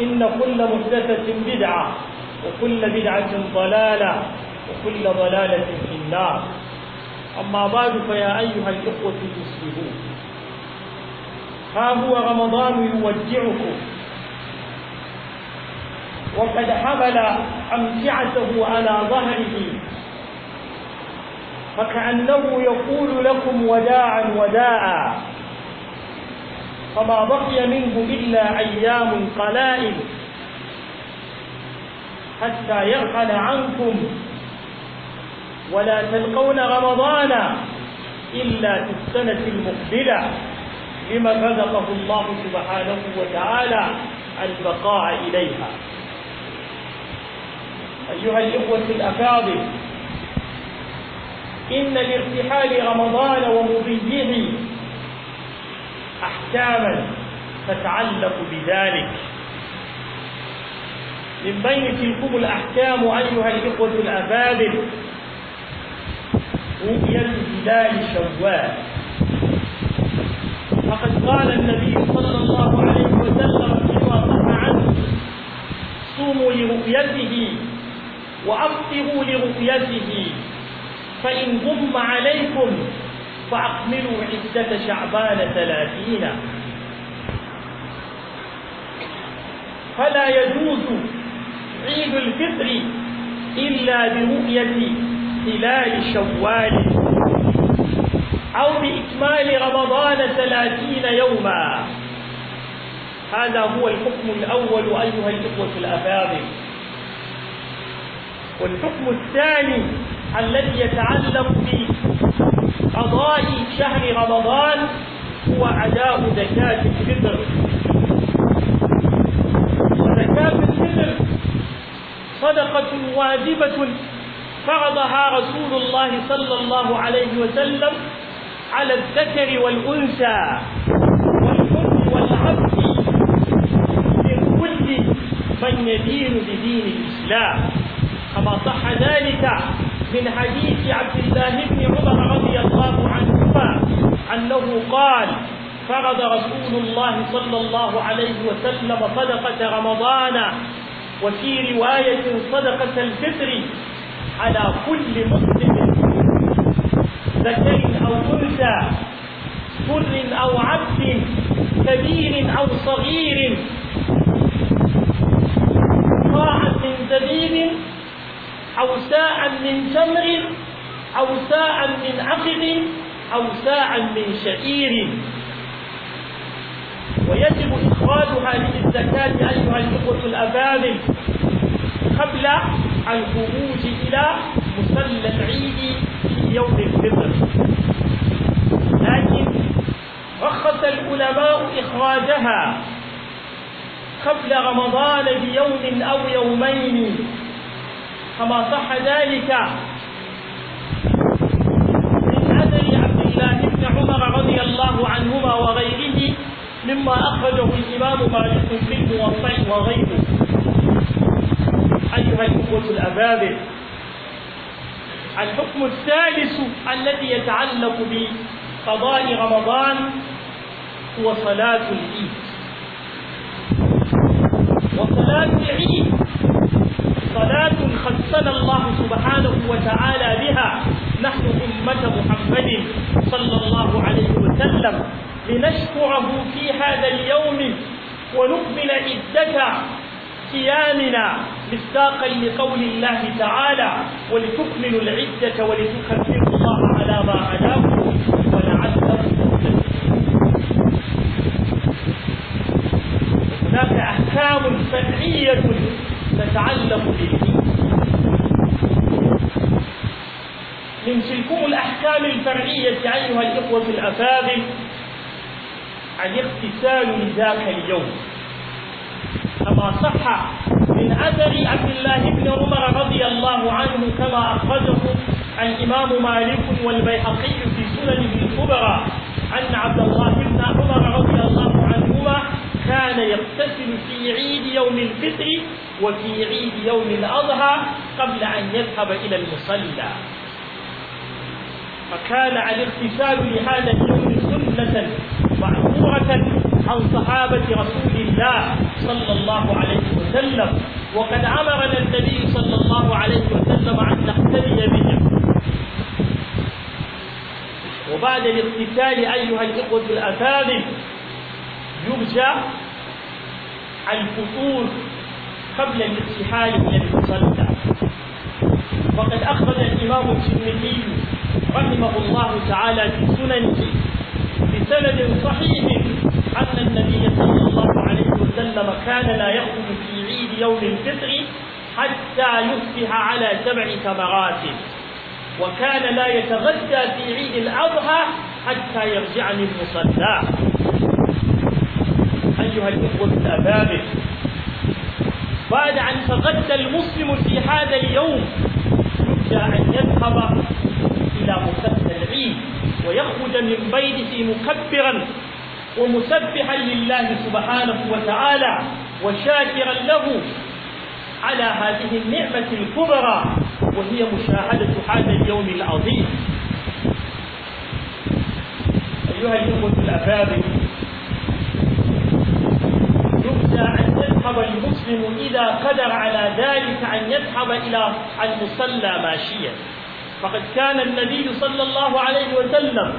إن كل محدثة بدعة وكل بدعة ضلالة وكل ضلالة في النار أما بعد فيا أيها الإخوة المسلمون ها هو رمضان يودعكم وقد حمل أمتعته على ظهره فكأنه يقول لكم وداعا وداعا فما بقي منه إلا أيام قلائل حتى يرحل عنكم ولا تلقون رمضان إلا في السنة المقبلة لما رزقه الله سبحانه وتعالى البقاء إليها أيها الإخوة الأفاضل إن لارتحال رمضان ومبارك أحكاما تتعلق بذلك من بين تلكم الأحكام أيها الإخوة الأبابل رؤية هلال شوال فقد قال النبي صلى الله عليه وسلم فيما صح عنه صوموا لرؤيته وأفطروا لرؤيته فإن غم عليكم فأكملوا عدة شعبان ثلاثين فلا يجوز عيد الفطر إلا برؤية هلال شوال أو بإكمال رمضان ثلاثين يوما هذا هو الحكم الأول أيها الإخوة الأفاضل والحكم الثاني الذي يتعلق به قضاء شهر رمضان هو أداء زكاة الفطر وزكاة الفطر صدقة واجبة فرضها رسول الله صلى الله عليه وسلم على الذكر والأنثى والحر والعبد من كل من يدين بدين الإسلام كما صح ذلك من حديث عبد الله بن عمر رضي الله عنهما أنه قال فرض رسول الله صلى الله عليه وسلم صدقة رمضان وفي رواية صدقة الفطر على كل مسلم ذكر أو أنثى بر أو عبد كبير أو صغير طاعة سبيل أو ساعا من تمر أو ساعا من عقد أو ساعا من شعير ويجب إخراج هذه الزكاة أيها الإخوة الأفاضل قبل الخروج إلى مصلى العيد في يوم الفطر لكن رخص العلماء إخراجها قبل رمضان بيوم أو يومين كما صح ذلك من أثر عبد الله بن عمر رضي الله عنهما وغيره مما أخرجه الإمام مالك في الموطأ وغيره أيها الأخوة الأبابل الحكم الثالث الذي يتعلق بقضاء رمضان هو صلاة العيد وصلاة العيد صلاة خصنا الله سبحانه وتعالى بها نحن أمة محمد صلى الله عليه وسلم لنشكره في هذا اليوم ونكمل عدة صيامنا مصداقا لقول الله تعالى ولتكملوا العدة ولتكبروا الله على ما هداكم ولعلكم هناك أحكام شرعية تتعلق بالدين من تلكم الأحكام الفرعية أيها الإخوة الأفاضل الاغتسال لذاك اليوم كما صح من أثر عبد الله بن عمر رضي الله عنه كما أخرجه الإمام مالك والبيهقي في سننه الكبرى أن عبد الله بن عمر رضي الله عنهما كان يغتسل في عيد يوم الفطر وفي عيد يوم الأضحى قبل أن يذهب إلى المصلى فكان الاغتسال لهذا اليوم سنة معمورة عن صحابة رسول الله صلى الله عليه وسلم وقد أمرنا النبي صلى الله عليه وسلم أن نقتدي بهم وبعد الاغتسال أيها الإخوة الأساتذة يرجى الفطور قبل الارتحال إلى المصلى وقد أخرج الإمام الترمذي رحمه الله تعالى في سننه بسند صحيح أن النبي صلى الله عليه وسلم كان لا يخرج في عيد يوم الفطر حتى يصبح على سبع ثمرات وكان لا يتغدى في عيد الأضحى حتى يرجع للمصلى أيها الإخوة الأبابل بعد أن فقدت المسلم في هذا اليوم يرجى أن يذهب إلى مسجد العيد ويخرج من بيته مكبرا ومسبحا لله سبحانه وتعالى وشاكرا له على هذه النعمة الكبرى وهي مشاهدة هذا اليوم العظيم أيها الإخوة الأفاضل يذهب المسلم إذا قدر على ذلك أن يذهب إلى المصلى ماشيا فقد كان النبي صلى الله عليه وسلم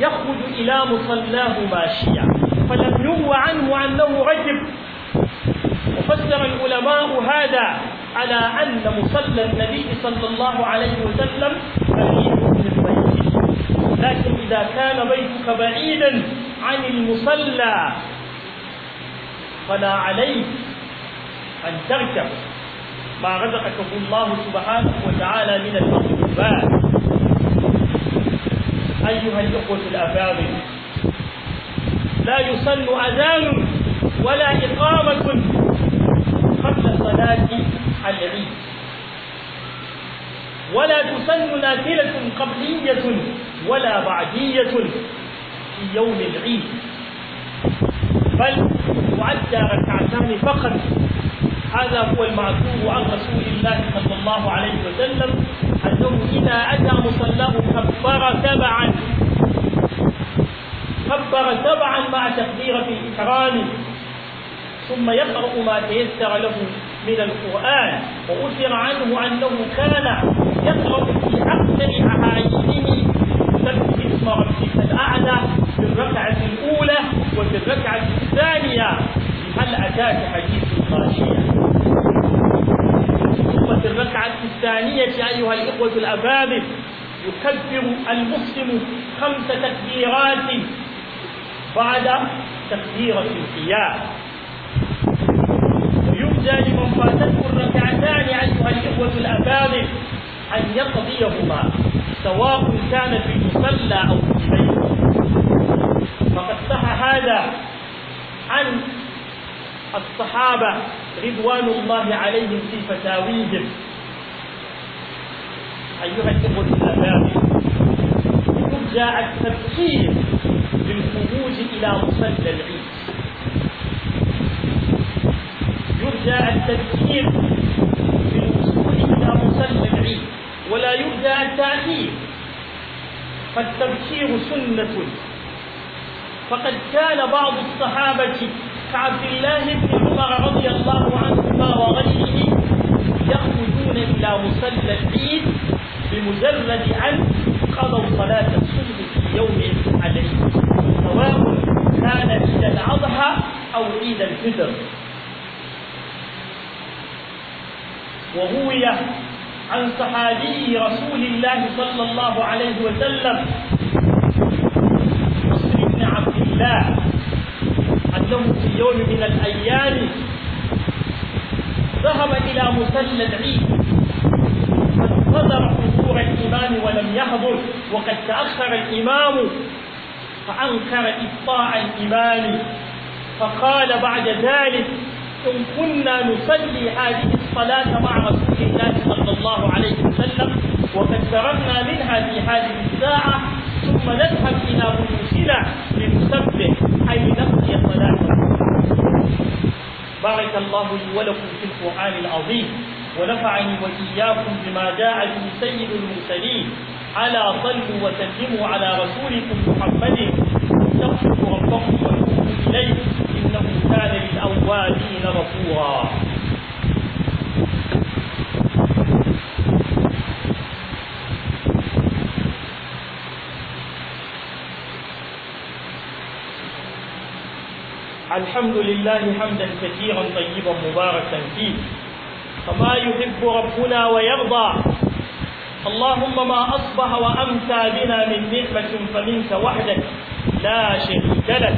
يخرج إلى مصلاه ماشيا فلم ينو عنه أنه رجب وفسر العلماء هذا على أن مصلى النبي صلى الله عليه وسلم بعيد من بيته لكن إذا كان بيتك بعيدا عن المصلى فلا عليك أن تركب ما رزقكم الله سبحانه وتعالى من المطلوبات أيها الإخوة الأفاضل لا يصل أذان ولا إقامة قبل صلاة العيد ولا تصل نافلة قبلية ولا بعدية في يوم العيد بل يؤدى ركعتان فقط هذا هو المعفو عن رسول الله صلى الله عليه وسلم أنه إذا أتى مصلاه كبر تبعا كبر تبعا مع تقديرة الإكرام ثم يقرأ ما تيسر له من القرآن وأثر عنه أنه كان يقرأ في أكثر أحاديثه سبح اسم ربك الأعلى في الركعة الأولى وفي الركعة الثانية هل أتاك حديث الغاشية ثم في الركعة الثانية أيها الإخوة الأفاضل يكبر المسلم خمس تكبيرات بعد تكبيرة القيام ويرجى لمن فاتته الركعتان أيها الإخوة الأفاضل أن يقضيهما سواء كان في المصلى أو في البيت فقد صح هذا عن الصحابة رضوان الله عليهم في فتاويهم أيها الإخوة الأباء يرجى التبكير بالخروج إلى مصلى العيد يرجى التبكير بالوصول إلى مصلى العيد ولا يرجى التأخير فالتبكير سنة فقد كان بعض الصحابة عبد الله بن عمر رضي الله عنهما وغيره يخرجون إلى مصلى العيد بمجرد أن قضوا صلاة الصبح في يوم عليه سواء كان عيد الأضحى أو عيد الفطر وروي عن صحابي رسول الله صلى الله عليه وسلم مسلم بن عبد الله له في يوم من الأيام ذهب إلى مسلى العيد فانتظر حضور الإمام ولم يحضر وقد تأخر الإمام فأنكر إطاع الإمام فقال بعد ذلك إن كنا نصلي هذه الصلاة مع رسول الله صلى الله عليه وسلم وقد فرغنا منها في هذه الساعة ثم نذهب إلى بيوتنا لنسبح أي نقضي صلاة بارك الله لي ولكم في القرآن العظيم ونفعني وإياكم بما جاء به سيد المرسلين على صلوا وسلموا على رسولكم محمد استغفروا ربكم وتوبوا إليه إنه كان للأوابين غفورا الحمد لله حمدا كثيرا طيبا مباركا فيه فما يحب ربنا ويرضى اللهم ما أصبح وأمسى بنا من نعمة فمنك وحدك لا شريك لك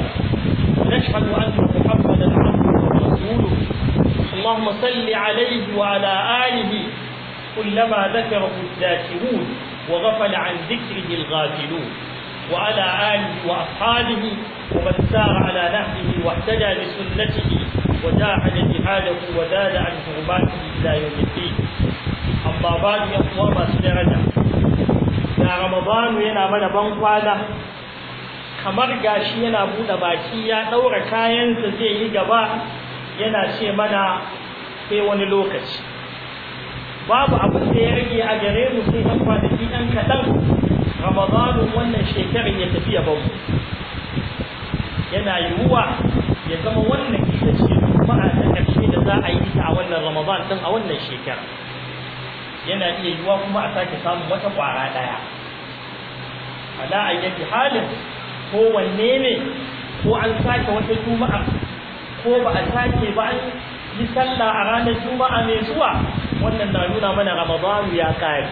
نشهد أن محمدا عبده ورسوله اللهم صل عليه وعلى آله كلما ذكره الذاكرون وغفل عن ذكره الغافلون وعلى آله وأصحابه ومن سار على نهجه واهتدى بسنته وجاهد جهاده وزاد عن حرماته إلى يوم الدين أما بعد يقوى ما سنرجع يا رمضان وينا من بنقوانا kamar gashi yana buɗe baki ya ɗaura kayansa zai yi gaba yana ce mana sai wani lokaci babu abin da ya rage a gare mu sai ɗan kwanaki ɗan kaɗan ramadanin wannan shekarar ya tafi ya bamu yana yiwuwa ya zama wannan ita ce juma'a ta ƙarshe da za a yi ta a wannan ramadan din a wannan shekara yana iya yiwuwa kuma a sake samun wata ƙwara ɗaya ala ayyati halin ko wanne ne ko an sake wata juma'a ko ba a sake ba an yi sallah a ranar juma'a mai zuwa wannan na nuna mana ramadanu ya kaya.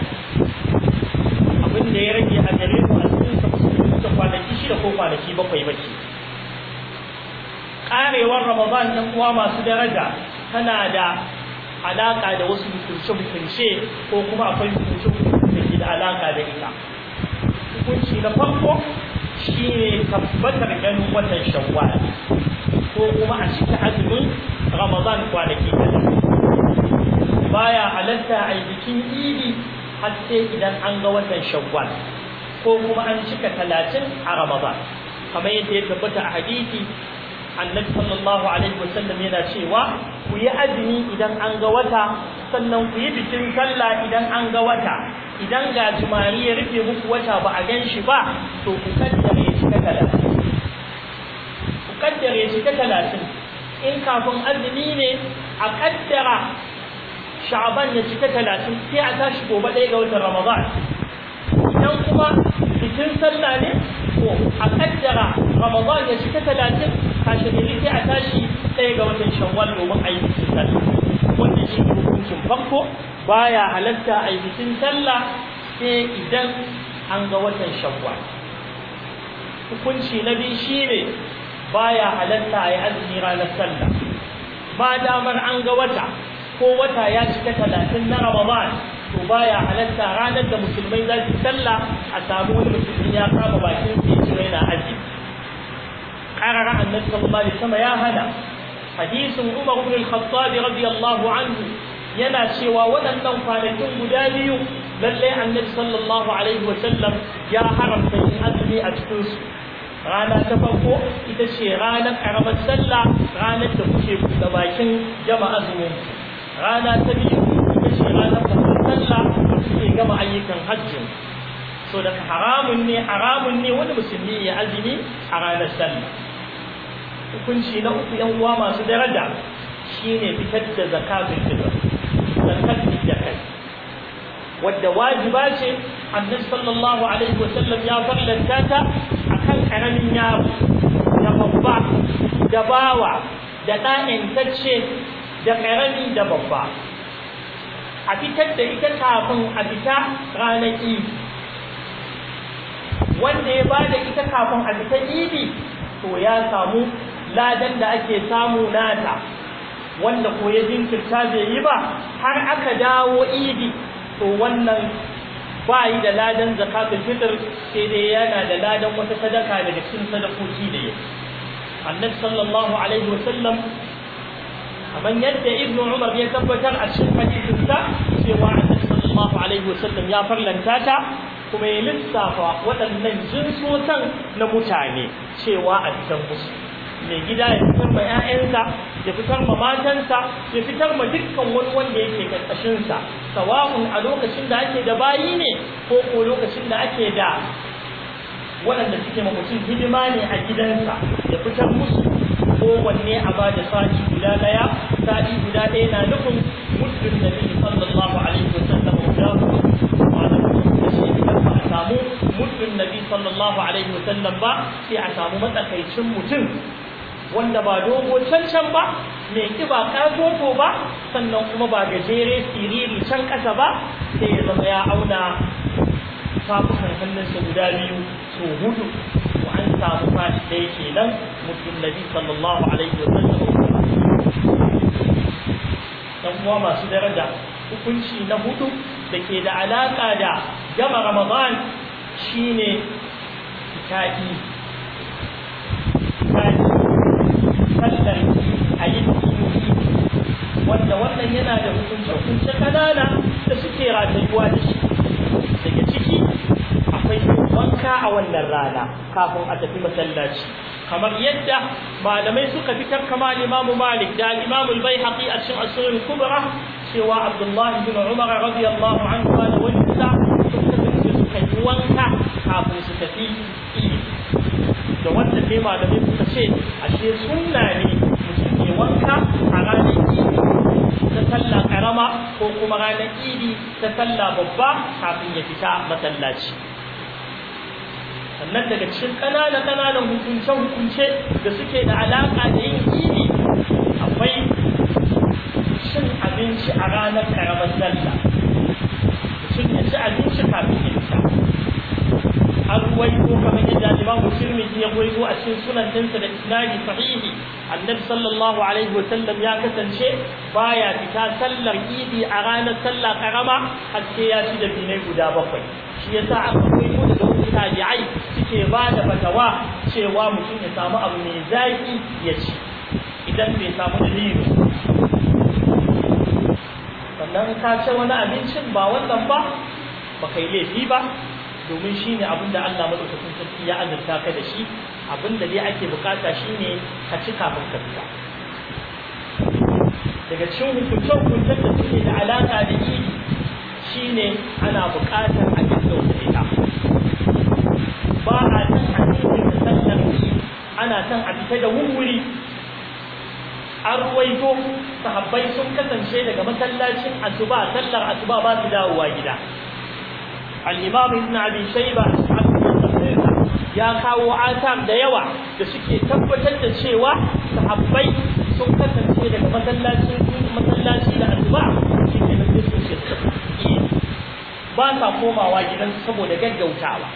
abin da ya rage a gare mu a cikin sa ta kwanaki shida ko kwanaki bakwai bace karewar ramadan dan uwa masu daraja tana da alaka da wasu hukunce hukunce ko kuma akwai hukunce hukunce da ke da alaka da ita hukunci na farko shine tabbatar ganin watan shawwal ko kuma a cikin azumin ramadan kwanaki baya alanta a bikin idi har sai idan an ga watan shawwal ko kuma an cika talatin a ramadan kamar yadda ya tabbata a hadisi annabi sallallahu alaihi wasallam yana cewa ku yi azumi idan an ga wata sannan ku yi bikin sallah idan an ga wata idan ga jumari ya rufe muku wata ba a gan shi ba to ku kaddare shi ta talatin ku kaddare shi talatin in kafin azumi ne a kaddara sha'aban ya cika talatin sai a tashi gobe ɗaya ga watan ramadan idan kuma bikin sallah ne ko a kaddara ramadan ya cika talatin kashe gari sai a tashi ɗaya ga watan shawwal domin a yi bikin sallah wannan shi hukuncin farko baya halatta a yi bikin sallah sai idan an ga watan shawwal hukunci na biyu shine baya halatta a yi azumi ranar sallah ba damar an ga wata ko wata ya cika talatin na ramadan to baya halatta ranar da musulmai za su sallah a samu wani musulmi ya kama bakin sai ci yana aji qarara annabi sallallahu alaihi ya hada hadisin umar ibn al-khattab radiyallahu anhu yana cewa waɗannan kwanakin guda biyu lalle annabi sallallahu alaihi ya haramta yin azumi a cikin su rana ta farko ita ce ranar karamar sallah ranar da kuke buɗe bakin jama'a azumin rana ta biyu ita ce ranar da mun sallah suke gama ayyukan hajjin so da haramun ne haramun ne wani musulmi ya azumi a ranar sallah hukunci na uku yan uwa masu daraja shine fitar da zakatul fitr zakatul wadda wajiba ce annabi sallallahu alaihi wasallam ya farlanta ta akan karamin yaro da babba da bawa da ɗa'in tacce da ƙarami da babba a fitar da ita kafin a fita ranar idi wanda ya bada ita kafin a fita idi to ya samu ladan da ake samu nata wanda ko ya jinkirta bai yi ba har aka dawo idi to wannan ba yi da ladan zakatul fitr sai dai yana da ladan wata sadaka daga cikin sadakoki da yake annabi sallallahu alaihi wasallam kamar yadda ibn umar ya tabbatar a cikin hadisinsa cewa annabi sallallahu alaihi wasallam ya farlanta ta kuma ya lissafa waɗannan jinsotan na mutane cewa a cikin musu mai gida ya fitar ma 'ya'yansa ya fitar ma matansa ya fitar ma dukkan wani wanda yake ƙarƙashinsa sawa'un a lokacin da ake da bayi ne ko ko lokacin da ake da waɗanda suke ma mutum hidima ne a gidansa ya fitar musu kowanne a ba da sa'i guda ɗaya sa'i guda ɗaya na nufin muddin nabi sallallahu alaihi wasallam guda ba a samu muddin nabi sallallahu alaihi wasallam ba sai a samu matsakaicin mutum wanda ba dogo cancan ba mai kiba ƙatoto ba sannan kuma ba gajere siriri can ƙasa ba sai ya zama ya auna tafukan hannunsa guda biyu so hudu samu fashi ɗaya kenan mutum nabi sallallahu alaihi wa sallam dan masu daraja hukunci na hudu da ke da alaƙa da gama ramadan shine fitaɗi sallar a wanda wannan yana da hukunce-hukunce kanana da suke ratayuwa da shi wanka a wannan rana kafin a tafi masallaci kamar yadda malamai suka fitar kama imamu malik da imamu al-baihaqi a cikin asirin kubra cewa abdullahi bin umar radiyallahu anhu da wajisa suka suka yi wanka kafin su tafi da wanda ne malamai suka ce ashe sunna ne mutum wanka a ranar ta sallah karama ko kuma ranar idi ta sallah babba kafin ya fita masallaci sannan daga cikin ƙananan ƙananan hukunce hukunce da suke da alaƙa da yin ilimi akwai cin abinci a ranar ƙaramar sallah mutum ya abinci kafin ya sha. an ruwaito kamar yadda imamu tirmidhi ya ruwaito a cikin sunan dinsa da isnadi sahihi annabi sallallahu alaihi wa sallam ya kasance baya fita sallar idi a ranar sallah karama har sai ya ci da binai guda bakwai shi yasa aka koyi mu daga tabi'ai ke ba da fatawa cewa mutum ya samu abu mai zaki ya ci idan bai samu dalili sannan ka ce wani abincin ba wannan ba ba kai laifi ba domin shi ne abin da Allah maɗaukakin sarki ya azurta ka da shi abin da dai ake bukata shi ne ka ci kafin ka fita daga cikin hukunce-hukuncen da suke da alaƙa da yi shi ne ana bukatar a gaggauta ita ba a san a cikin sallar ana san a fita da wuri an ruwaito sahabbai sun kasance daga masallacin asuba sallar asuba ba su dawowa gida al-imam ibn abi shayba ya kawo atam da yawa da suke tabbatar da cewa sahabbai sun kasance daga masallacin masallaci da asuba shike da su ba sa komawa gidansu saboda gaggautawa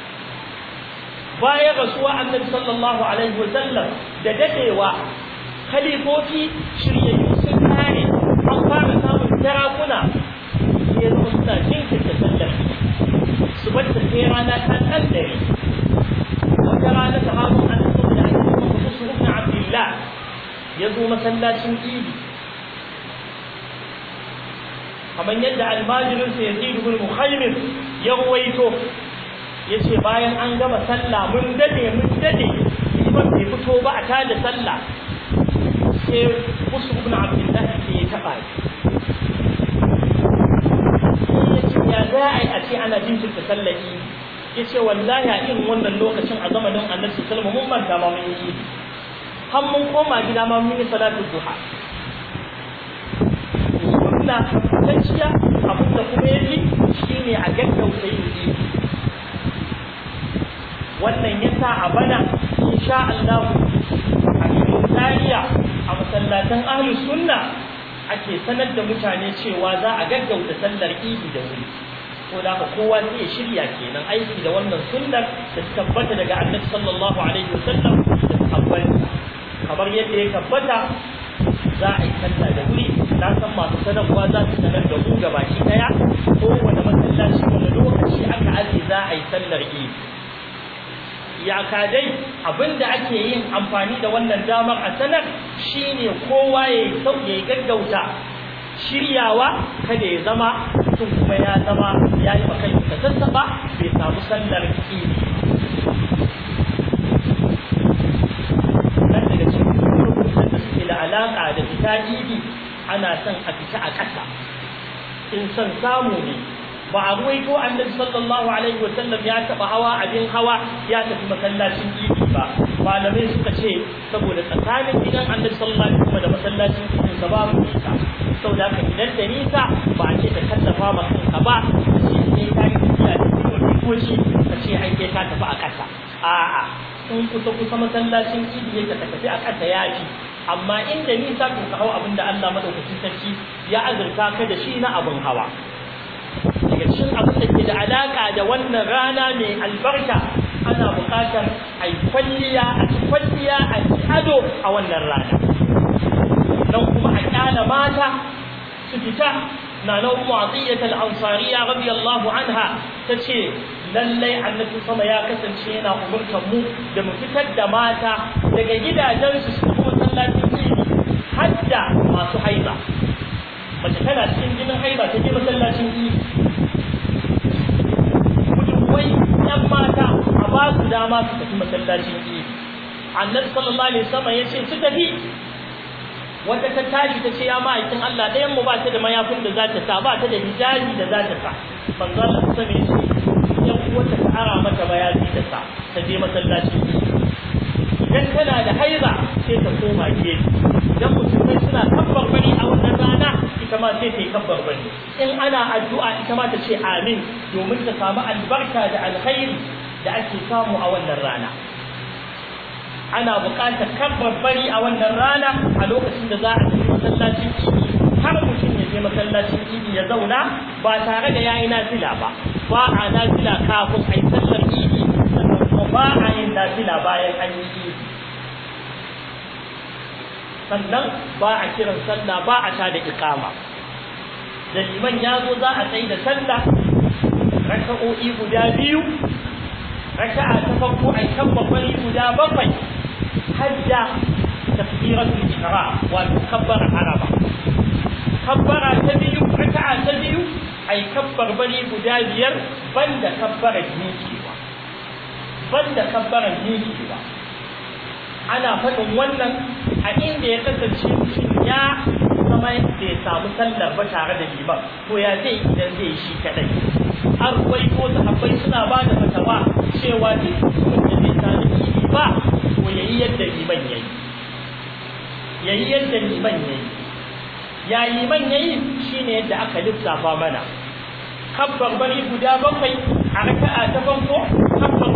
bayan rasuwa annabi sallallahu alaihi wasallam da dadewa khalifofi shirye sun kare an fara samun tarakuna ya zama suna jinkirta sallar su bar ta sai rana ta kaddare wata rana ta hamu an tafi da ake su ibn abdullah ya zo masallacin idi kamar yadda almajirinsa yazid ibn muhammad ya ruwaito ya ce bayan an gama sallah mun dade mun dade liman bai fito ba a tada sallah sai musu ibn abdullahi ke ya taɓa ya ya za a yi a ce ana jinkirta sallahi ya ce wallahi a irin wannan lokacin a zamanin annabi salma mun manta ma mun yi har mun koma gida ma mun yi salatu duha sunna tabbatacciya kuma ya kuma shi shine a gaggauta yin wannan ya sa a bana insha Allah a cikin tsariya a masallatan ahlu sunna ake sanar da mutane cewa za a gaggauta sallar idi da wuri ko da kowa zai ya shirya kenan aiki da wannan sunnar da tabbata daga annabi sallallahu alaihi wasallam da tabbata kamar yadda ya tabbata za a yi sallah da wuri na san masu sanarwa za su sanar da mu gabaki daya kowane masallaci wani lokaci aka aji za a yi sallar idi iyaka dai abinda ake yin amfani da wannan damar a sanar shine kowa ya yi gaggauta shiryawa kada ya zama mutum kuma ya zama ya yi makai ka sassaɓa bai samu sallar kiri nan daga cikin da suke da alaƙa da fita ana son a fita a ƙasa in son samu ne ba a ko annabi sallallahu alaihi wasallam ya taba hawa abin hawa ya tafi masallacin idi ba malamai suka ce saboda tsakanin gidan annabi sallallahu alaihi wasallam da masallacin idi sa ba mu nisa saboda haka idan da nisa ba a ce ka kallafa ma kanka ba shi ne ta yi tafiya da ko shi ka ce ai kai tafi a kasa a'a sun kusa kusa masallacin idi ne ka tafi a kasa ya fi amma inda nisa ka hau abin da Allah madaukakin sarki ya azurta ka da shi na abin hawa daga cikin abin da ke da alaka da wannan rana mai albarka ana buƙatar a yi kwalliya a ci kwalliya a ci ado a wannan rana nan kuma a kyala mata su fita na nan mu'atiyyat al-ansariya Allahu anha tace lallai annabi sama ya kasance yana umurtar mu da mu fitar da mata daga gidajensu su kuma tallafin ilimi hadda masu haiba mace tana cikin jinin haiba ta je masallacin ilimi akwai yan mata a ba su dama su tafi masallacin idi annabi sallallahu alaihi wasallam ya ce su tafi wata ta tashi ta ce ya ma'aikin Allah ɗayan mu ba ta da mayafin da za ta sa ba ta da hijabi da za ta sa manzo Allah sallallahu alaihi wasallam ya ce yan uwata ta ara mata mayafi ta sa ta je masallacin idan tana da haiza sai ta koma gefe idan musulmai suna kabbar bari a wannan rana ita ma sai ta yi bari in ana addu'a ita ma ta ce amin domin ta samu albarka da alkhairi da ake samu a wannan rana ana buƙatar kabbar bari a wannan rana a lokacin da za a tafi masallacin idi har mutum ya je masallacin idi ya zauna ba tare da yayi nafila ba ba a nafila kafin a yi sallar idi ba a yin nafila bayan an yi idi sannan ba a kiran sallah ba a tada iqama da liman ya zo za a tsaye da sallah raka'o'i guda biyu raka'a ta farko a kan bakwai guda bakwai hajja tafsiratul ihram wato kabbara araba kabbara ta biyu raka'a ta biyu ai kabbar bari guda biyar banda kabbara miƙewa banda kabbara miƙewa ana faɗin wannan a inda ya kasance mutum ya zama bai samu sallar ba tare da liman ko ya zai idan zai shi kaɗai? har kwai ko akwai suna ba da fatawa cewa duk mutum da zai samu ili ba ya yayi yadda liman yayi yayi yadda liman yayi ya liman Shi ne yadda aka lissafa mana kabbar bari guda bakwai a raka'a ta farko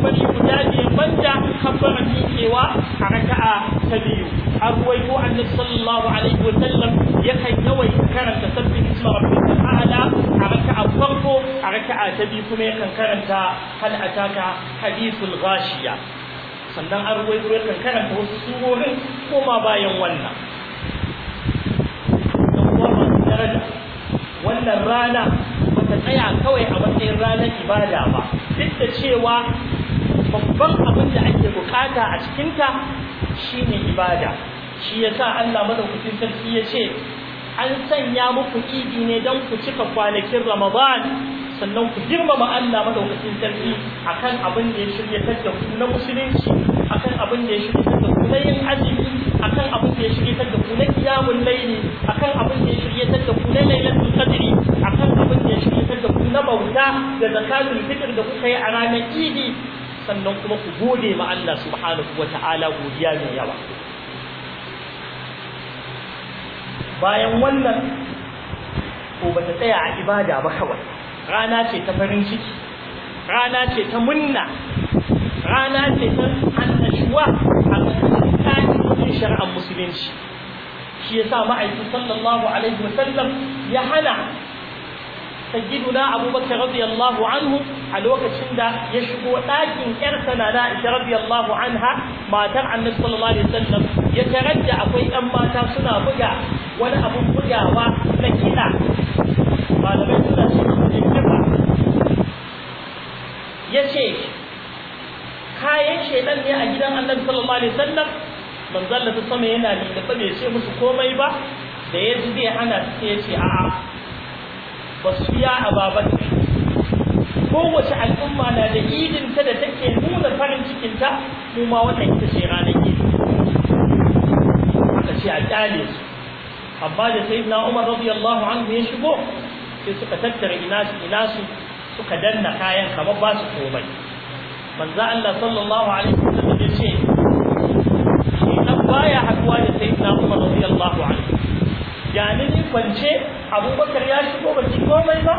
kamfani guda biyu banda kamfanin miƙewa a raka'a ta biyu a ruwaito annabi sallallahu alaihi wa sallam yakan yawai karanta sabbin isma rabbika a'la a raka'a farko a raka'a ta biyu kuma yakan karanta hal ataka hadithul ghashiya sannan an ruwaito yakan karanta wasu surorin koma bayan wannan wannan rana ba ta tsaya kawai a matsayin ranar ibada ba duk da cewa babban abin da ake bukata a cikinta shine ibada shi yasa Allah madaukakin sarki ya ce an sanya muku idi ne don ku cika kwanakin Ramadan sannan ku girmama Allah madaukakin sarki akan abin da ya shiryatar da ku na musulunci akan abin da ya shiryatar da ku na yin azumi akan abin da ya shiryatar da ku na qiyamul layli akan abin da ya shiryatar da ku na lailatul qadri akan abin da ya shiryatar da ku na bauta da zakatul fitr da kuka yi a ranar idi sannan kuma ku gode ma Allah subhanahu wa ta'ala godiya mai yawa bayan wannan ko ba ta tsaya a ibada ba kawai rana ce ta farin ciki rana ce ta munna rana ce ta annashuwa a tsakanin shari'ar musulunci shi yasa ma'aikin sallallahu alaihi wasallam ya hana sayyiduna abubakar radiyallahu anhu a lokacin da ya shigo ɗakin ƴarsa na na'isha radiyallahu anha matar annabi sallallahu alaihi wasallam ya tarar da akwai ƴan mata suna buga wani abun bugawa na kiɗa malamai suna shi ya ce kayan shaidan ne a gidan annabi sallallahu alaihi wasallam manzon da sama yana lilita bai ce musu komai ba da ya ji zai hana su sai ya ce a'a ba su ya ababan kowace al'umma na da idin ta da take nuna farin cikin ta kuma wannan ita ce ranar yi. aka ce a kyale su amma da sai na umar radiyallahu anhu ya shigo sai suka tattara ina su ina su suka danna kayan kamar ba su komai manzo Allah sallallahu alaihi wasallam ya ce shi baya hakuwa da sayyidina Umar radiyallahu anhu Jami'in kwance abubakar ya shigo ba ci komai ba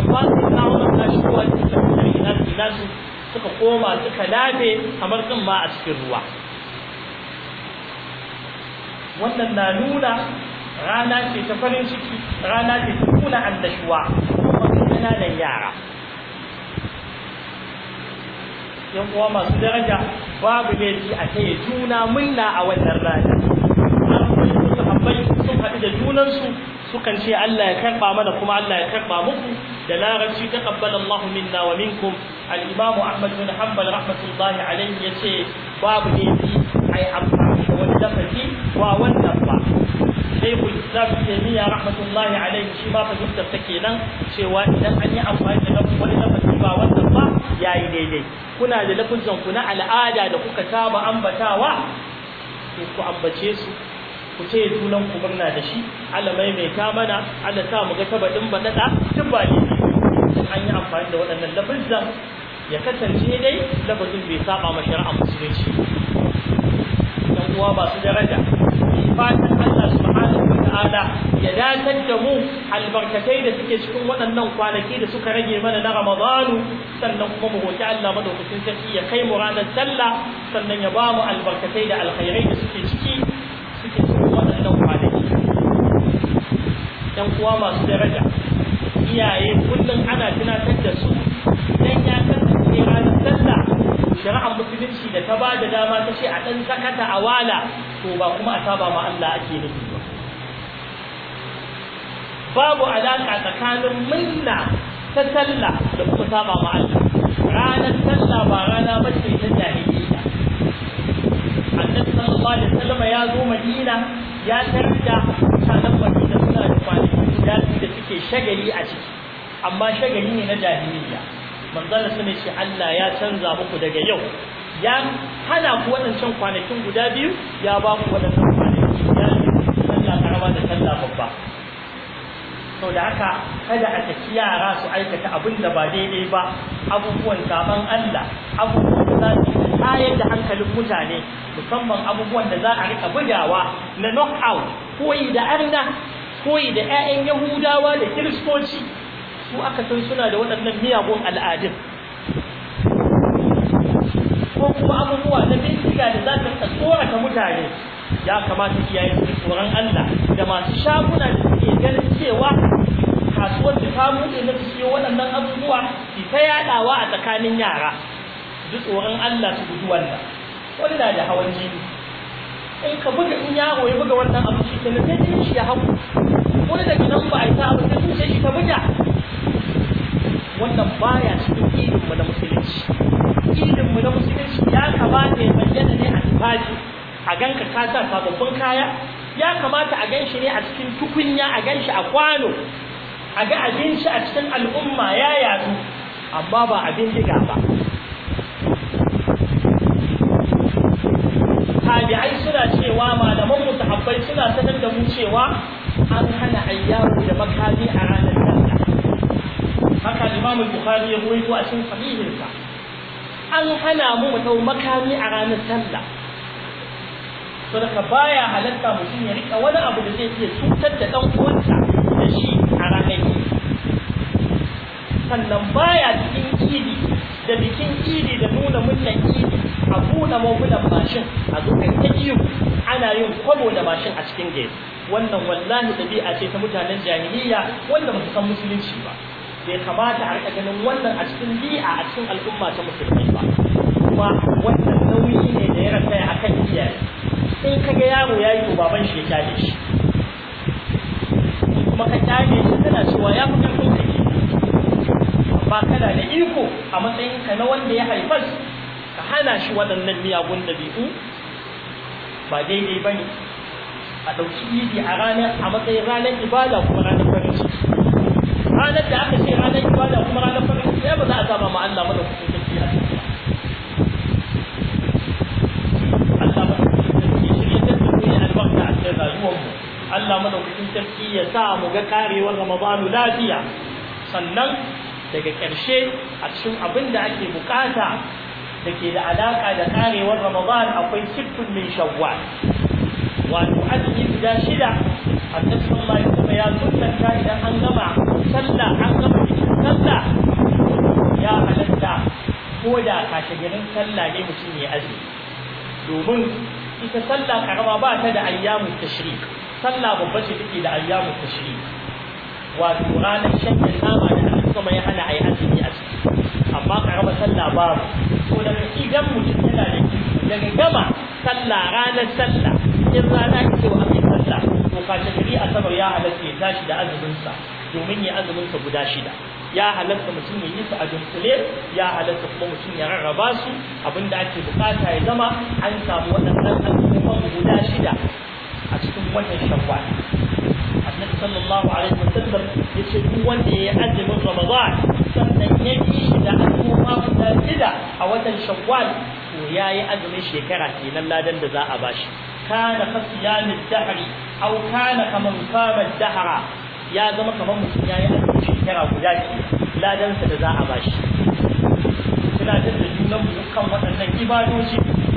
amma sun na wani na shigo a cikin tafiyar na su suka koma suka lafe kamar kan ma a cikin ruwa wannan na nuna rana ce ta farin ciki rana ce ta nuna annashuwa kuma ƙananan yara yan uwa masu daraja babu laifi a taya juna munna a wannan rana sahabbai sun haɗu da junansu sukan ce Allah ya karɓa mana kuma Allah ya karɓa muku da larabci ta kabbala Allahu minna wa minkum al-Imam Ahmad bin Hanbal rahmatullahi alayhi yace babu ne ai amfani da wani lafazi wa wannan ba sai ku Islam Taymiya rahmatullahi alayhi shi ma fahimtar ta kenan cewa idan an yi amfani da wani lafazi ba wannan ba yayi daidai kuna da lafazin ku na al'ada da kuka saba ambatawa ku ambace su ku ce sunan ku murna da shi ala maimaita mana Ana sa mu ga tabadin badada duk ba ne an yi amfani da waɗannan lafazan ya kasance dai lafazin bai saba ma shari'a musulunci dan uwa ba su daraja fatan Allah subhanahu ya datar da mu albarkatai da suke cikin waɗannan kwanaki da suka rage mana na Ramadanu sannan kuma mu hoci Allah madaukakin sarki ya kai mu ranar sallah sannan ya ba mu albarkatai da alkhairai da suke ciki ɗan uwa masu daraja iyaye kullum ana tunatar da su Dan ya kasance ranar sallah shari'ar musulunci da ta ba da dama ta ce a ɗan sakata a wala to ba kuma a saba ma Allah ake nufi ba babu alaƙa tsakanin Minna ta sallah da kuma saba ma Allah ranar sallah ba rana ba ta jahiliya annabi sallallahu alaihi wasallam ya zo madina ya tarda masallaci da suke shagali a ciki amma shagali ne na jahiliya manzala sun ce Allah ya canza muku daga yau ya hana ku waɗancan kwanakin guda biyu ya ba ku waɗancan kwanakin ya sallah karama da sallah babba sau da haka kada a tafi yara su aikata abin da ba daidai ba abubuwan saban Allah abubuwan da za su tayar da hankalin mutane musamman abubuwan da za a rika bugawa na knockout koyi da arna koyi da 'ya'yan yahudawa da kiristoci su aka san suna da waɗannan miyagun al'adun ko kuma abubuwa na bincika da za ta tsorata mutane ya kamata iyayen su tsoron Allah da masu shaguna da suke ganin cewa kasuwar da ta buɗe na su siyo waɗannan abubuwa ki ta yaɗawa a tsakanin yara duk tsoron Allah su gudu wannan wanda da hawan jini in ka buga in yaro ya buga wannan abu shi na sai jini shi ya hagu wani da gidan ba a yi ta abu tushe shi ta buga wannan baya cikin mu na musulunci mu na musulunci ya kamata ya bayyana ne a tufafi a ganka ka sa sababbin kaya ya kamata a ganshi ne a cikin tukunya a ganshi a kwano a ga abinci a cikin al'umma ya yadu amma ba abin diga ba tabi'ai suna cewa malaman mutahabbai suna sanar da mu cewa an hana ayyaru da makami a ranar sallah haka imam bukhari ya ruwaito a cikin sahihinsa an hana mu mu makami a ranar sallah to daga baya halatta mutum ya rika wani abu da zai iya cutar da dan uwansa da shi a ranar sannan baya cikin idi da bikin idi da nuna murnar idi a buɗe magunan mashin a zo ta ana yin kwabo da mashin a cikin gari wannan wallahi ɗabi'a ce ta mutanen jahiliya wanda ba su san musulunci ba bai kamata a riƙa ganin wannan a cikin bi'a a cikin al'umma ta musulmi ba kuma wannan nauyi ne da ya a kan iyaye in ka ga yaro ya yi to baban shi ya kyale shi kuma ka kyale shi tana cewa ya fi ƙarfin ka ke amma kana da iko a matsayinka na wanda ya haifar ka hana shi waɗannan miyagun ɗabi'u ba daidai ba ne a ɗauki idi a ranar a matsayin ranar ibada kuma ranar farin ciki ranar da aka ce ranar ibada kuma ranar farin ciki ba za a saba ma Allah mana kuɗi da ke Allah mana kuɗi ta ke shirye ta su ne albarka a cikin rayuwarmu Allah mana kuɗi da ke ya sa mu ga karewar Ramadanu lafiya sannan daga ƙarshe a cikin abin da ake bukata da ke da alaƙa da karewar Ramadan akwai siffin min shawwal wato azumi guda shida annabi sallallahu alaihi wasallam ya sunnanta idan an gama sallah an gama sallah ya halatta ko da kashe garin sallah ne mutum ya azumi domin ita sallah karama ba ta da ayyamu tashrik sallah babba ce take da ayyamu tashrik wato ranar shan nama da an kuma ya hana ayi azumi a ciki amma karama sallah babu so da idan mutum yana da daga gama sallah ranar sallah in rana ke wa amin sallah to kace gari asabar ya halatta ya tashi da azuminsa domin ya azuminsa guda shida ya halatta mutum ya yi su a dunkule ya halatta kuma mutum ya rarraba su abinda ake bukata ya zama an samu waɗannan abubuwan guda shida a cikin wannan shawwal annabi sallallahu alaihi wasallam ce duk wanda ya azumin ramadan sannan ya yi shi da abubuwa guda shida a watan shawwal to yayi azumin shekara kenan ladan da za a bashi kana ka siyamin dahari au kana kamar samar dahara ya zama kamar mutum ya yi azumin shekara guda ce ladansa da za a shi. suna da junan mu kan waɗannan ibadoji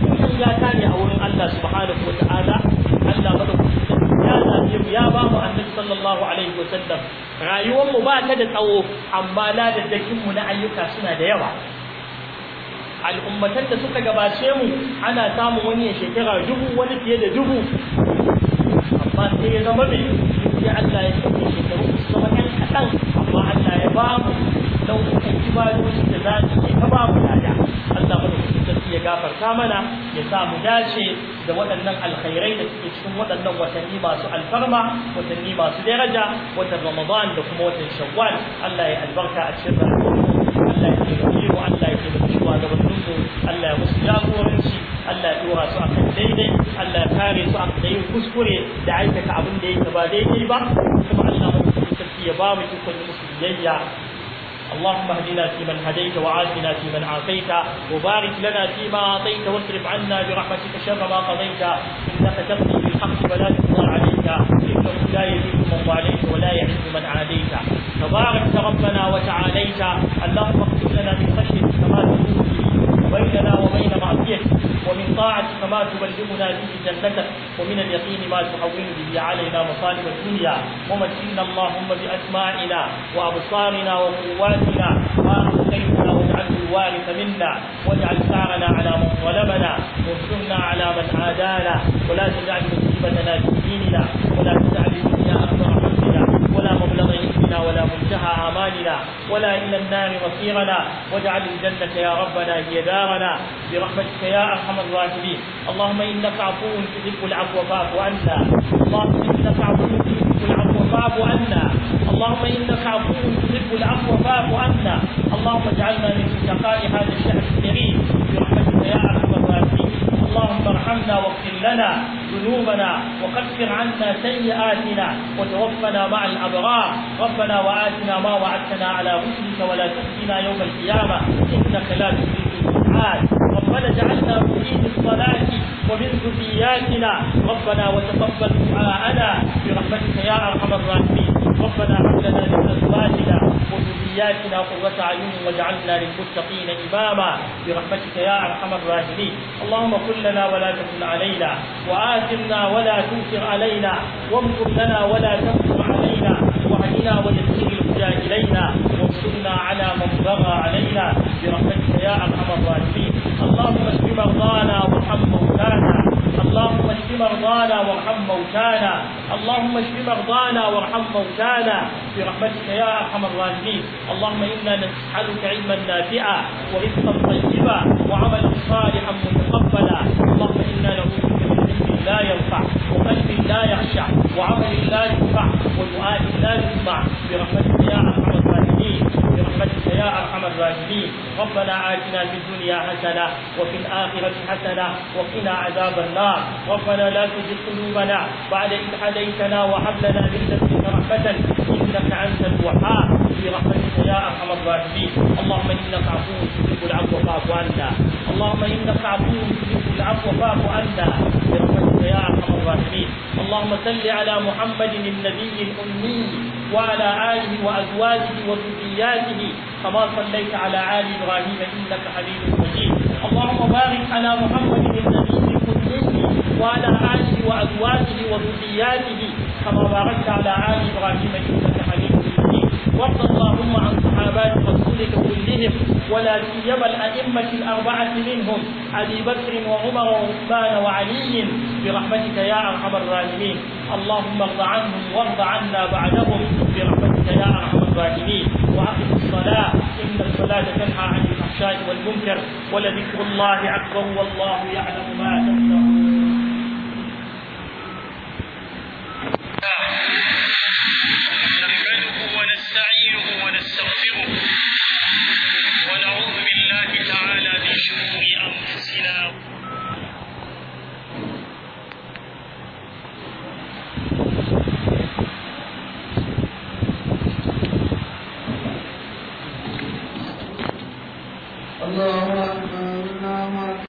mutum ya kare a wurin Allah subhanahu wa ta'ala Allah madaukakin ya zabe mu ya ba mu annabi sallallahu alaihi wa sallam rayuwar mu ba ta da tsawo amma ladadakin mu na ayyuka suna da yawa al'ummatan da suka gabace mu ana samun wani ya shekara dubu wani fiye da dubu amma sai ya zama mai sai Allah ya sanya shekaru zama ɗan kaɗan amma Allah ya ba mu nau'ukan ibadoci da za su ke ba mu lada Allah mu da ya gafarta mana ya sa mu dace da waɗannan alkhairai da suke cikin waɗannan watanni masu alfarma watanni masu daraja watan Ramadan da kuma watan Shawwal Allah ya albarka a cikin rayuwa Allah ya yi wa Allah ya taimake mu Allah ya musu jagoranci Allah ya dora su akan daidai Allah ya kare su akan da kuskure da aikata abin da yake ba daidai ba kuma Allah sarki ya ba mu اللهم اهدنا فيمن هديت وعافنا فيمن عافيت وبارك لنا فيما اعطيت واصرف عنا برحمتك شر ما قضيت انك تقضي بالحق ولا تقضى عليك انه لا يزيد من واليت ولا يعز من عاديت تبارك ربنا وتعاليت اللهم اغفر لنا من خشيه بيننا وبين معصيتك ومن طاعتك ما تبلغنا به جنتك ومن اليقين ما تحول به علينا مصالح الدنيا ومجدنا اللهم بأسماعنا وأبصارنا وقواتنا ما أبقيتنا واجعله الوارث منا واجعل ثارنا على من ظلمنا وانصرنا على من عادانا ولا تجعل مصيبتنا في ديننا ولا تجعل الدنيا أكبر حزنا ولا مبلغ منا ولا منتهى آمالنا ولا إلى النار مصيرنا واجعل الجنة يا ربنا هي دارنا برحمتك يا أرحم الراحمين اللهم إنك عفو تحب العفو فاعف عنا اللهم إنك عفو تحب العفو فاعف عنا اللهم إنك عفو تحب العفو فاعف عنا اللهم اجعلنا من شقاء هذا الشهر الكريم برحمتك يا أرحم الراحمين اللهم ارحمنا واغفر لنا ذنوبنا وكفر عنا سيئاتنا وتوفنا مع الابرار ربنا واتنا ما وعدتنا على رسلك ولا تخزنا يوم القيامه انك لا تخلف الميعاد ربنا اجعلنا مقيم الصلاه ومن ذرياتنا ربنا وتقبل دعاءنا برحمتك يا ارحم الراحمين ربنا حملنا من ازواجنا وذرياتنا قرة عيون واجعلنا للمتقين اماما برحمتك يا ارحم الراحمين اللهم كن لنا ولا تكن علينا واثرنا ولا تنكر علينا وامكر لنا ولا تنكر علينا واهدنا ويسر الهدى الينا وانصرنا على من بغى علينا برحمتك يا ارحم الراحمين اللهم اشف مرضانا وارحم موتانا اللهم اشف مرضانا وارحم موتانا اللهم اشف مرضانا وارحم موتانا برحمتك يا ارحم الراحمين اللهم انا نسالك علما نافعا ورزقا طيبا وعملا صالحا متقبلا اللهم انا نعوذ بك من علم لا ينفع وقلب لا يخشع وعمل لا ينفع وسؤال لا يسمع برحمتك يا ارحم برحمتك يا ارحم الراحمين ربنا اتنا في الدنيا حسنه وفي الاخره حسنه وقنا عذاب النار ربنا لا تزغ قلوبنا بعد اذ هديتنا وهب لنا من لدنك رحمه انك انت الوهاب برحمتك يا ارحم الراحمين اللهم انك عفو تحب العفو فاعف عنا اللهم انك عفو تحب العفو فاعف عنا برحمتك يا ارحم الراحمين اللهم صل على محمد النبي الامي وعلى اله وازواجه وذرياته كما صليت على ال ابراهيم انك حميد مجيد اللهم بارك على محمد النبي الامي وعلى اله وازواجه وذرياته كما باركت على ال ابراهيم انك حميد وارض اللهم عن صحابات رسولك كلهم ولا سيما الائمه الاربعه منهم ابي بكر وعمر وعثمان وعلي برحمتك يا ارحم الراحمين اللهم ارض عنهم وارض عنا بعدهم برحمتك يا ارحم الراحمين واقم الصلاه ان الصلاه تنهى عن الفحشاء والمنكر ولذكر الله اكبر والله يعلم ما Thank you. ونستغفره ونعوذ بالله تعالى من شرور أنفسنا